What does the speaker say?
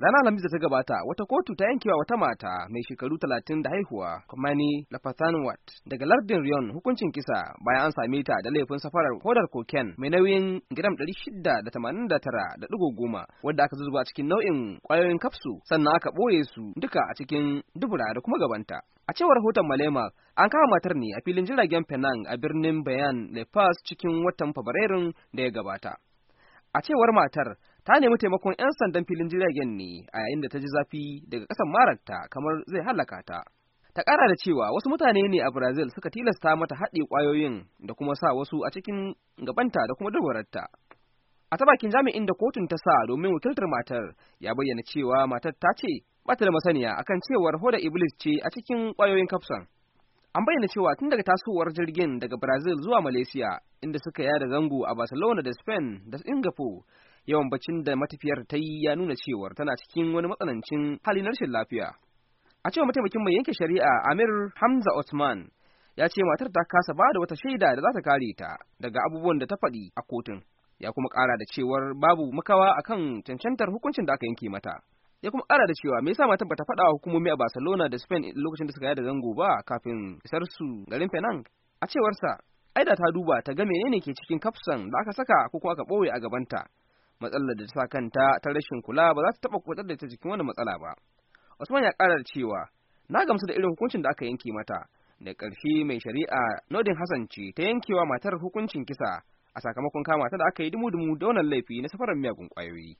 Rana Alhamis da ta gabata wata kotu ta yankewa wata mata mai shekaru talatin da haihuwa Kumani Lafathanwat daga lardin Rion hukuncin kisa bayan an same ta da laifin safarar hodar koken mai nauyin gram goma wadda aka zuzuba cikin nau'in kwayoyin kafsu sannan aka ɓoye su duka a cikin dubura da kuma gabanta. A cewar rahoton Malema, an kama matar ne a filin jiragen Penang a birnin Bayan Lepas cikin watan Fabrairun da ya gabata. A cewar matar, ta nemi taimakon 'yan sandan filin jiragen ne a yayin da ta ji zafi daga ƙasar mararta kamar zai halaka ta. Ta ƙara da cewa wasu mutane ne a Brazil suka tilasta mata haɗe ƙwayoyin da kuma sa wasu a cikin gabanta da kuma dubararta. A ta bakin jami'in da kotun ta sa domin wakiltar matar ya bayyana cewa matar ta ce bata da masaniya akan cewar hoda iblis ce a cikin ƙwayoyin kafsan. An bayyana cewa tun daga tasowar jirgin daga Brazil zuwa Malaysia inda suka yada zango a Barcelona da Spain da Singapore yawan baccin da matafiyar ta yi ya nuna cewar tana cikin wani matsanancin hali rashin lafiya a cewa mataimakin mai yanke shari'a amir hamza Osman, ya ce matar ta kasa ba da wata shaida da za ta kare ta daga abubuwan da ta faɗi a kotun ya kuma ƙara da cewar babu makawa akan cancantar hukuncin da aka yanke mata ya kuma ƙara da cewa me yasa matar bata faɗa wa hukumomi a Barcelona da Spain lokacin da suka yada zango ba kafin isar su garin Penang a cewarsa aida ta duba ta ga menene ke cikin kafsan da aka saka ko kuma aka ɓoye a gabanta matsalar da ta sa kanta ta rashin kula ba za ta taba kwatar da ta jikin wani matsala ba Usman ya ƙara cewa na gamsu da irin hukuncin da aka yanke mata da ƙarshe mai shari'a Nodin Hassan ce ta yankewa matar hukuncin kisa a sakamakon kama ta da aka yi dumu-dumu da wannan laifi na safarar miyagun ƙwayoyi